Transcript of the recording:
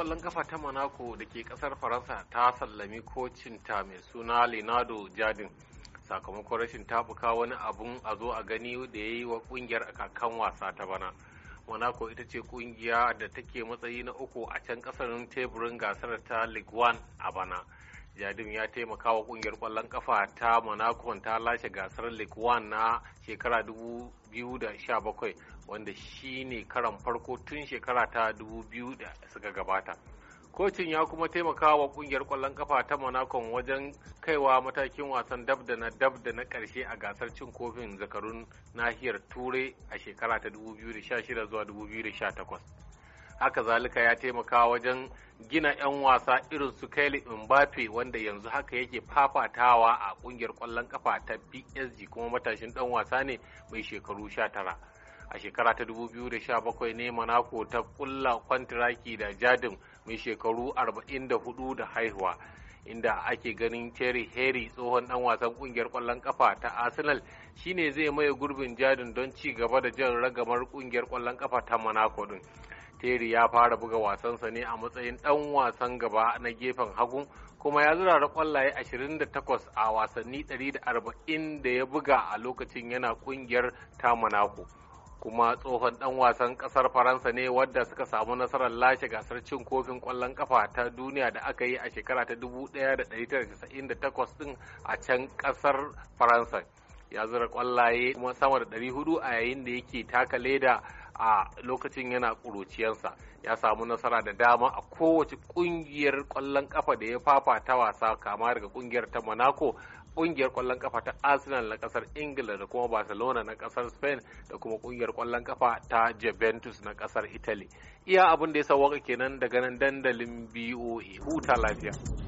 kwallon kafa ta Monaco da ke kasar Faransa ta sallami kocinta mai suna Leonardo Jardin sakamakon rashin tafuka wani abun a zo a gani da ya yi wa kungiyar a kakan wasa ta bana. Monaco ita ce kungiya da take matsayi na uku a can kasar teburin gasar ta Ligue 1 a bana. Jadim ya taimaka wa kungiyar kwallon kafa ta Monaco ta lashe gasar League One na shekara 2017 wanda shi ne karan farko tun shekara ta 2000 da suka gabata. Kocin ya kuma taimaka wa kungiyar kwallon kafa ta Monaco wajen kaiwa matakin wasan dab da na dab da na karshe a gasar cin kofin zakarun nahiyar Turai a shekara ta 2016 zuwa 2018. haka zalika ya taimaka wajen gina 'yan wasa irin su kaili Mbappe wanda yanzu haka yake fafatawa a kungiyar kwallon kafa ta PSG kuma matashin dan wasa ne mai shekaru 19 a shekara ta 2017 ne Monaco ta kulla kwantiraki da Jadin mai shekaru 44 da haihuwa inda ake ganin Terry Henry tsohon dan wasan kungiyar kwallon kafa ta Arsenal shine zai maye gurbin Jadin don ci gaba da jan ragamar kungiyar kwallon kafa ta Monaco din Terry ya fara buga wasansa ne a matsayin ɗan wasan gaba na gefen hagu kuma ya zura da kwallaye 28 a wasanni 140 da ya buga a lokacin yana kungiyar ta Monaco. kuma tsohon dan wasan kasar faransa ne wadda suka samu nasarar lashe gasar cin kofin kwallon kafa ta duniya da aka yi a shekara ta 1998 din a can kasar faransa ya zura kwallaye kuma sama da 400 a yayin da yake taka leda a lokacin yana ƙuruciyarsa ya samu nasara da dama a kowace ƙungiyar ƙwallon ƙafa da ya ta wasa kama daga ƙungiyar ta monaco ƙungiyar ƙwallon ƙafa ta arsenal na ƙasar ingila da kuma barcelona na ƙasar spain da kuma ƙungiyar kwallon ƙafa ta juventus na ƙasar italy iya abin da ya sauwaka kenan daga nan dandalin boa huta lafiya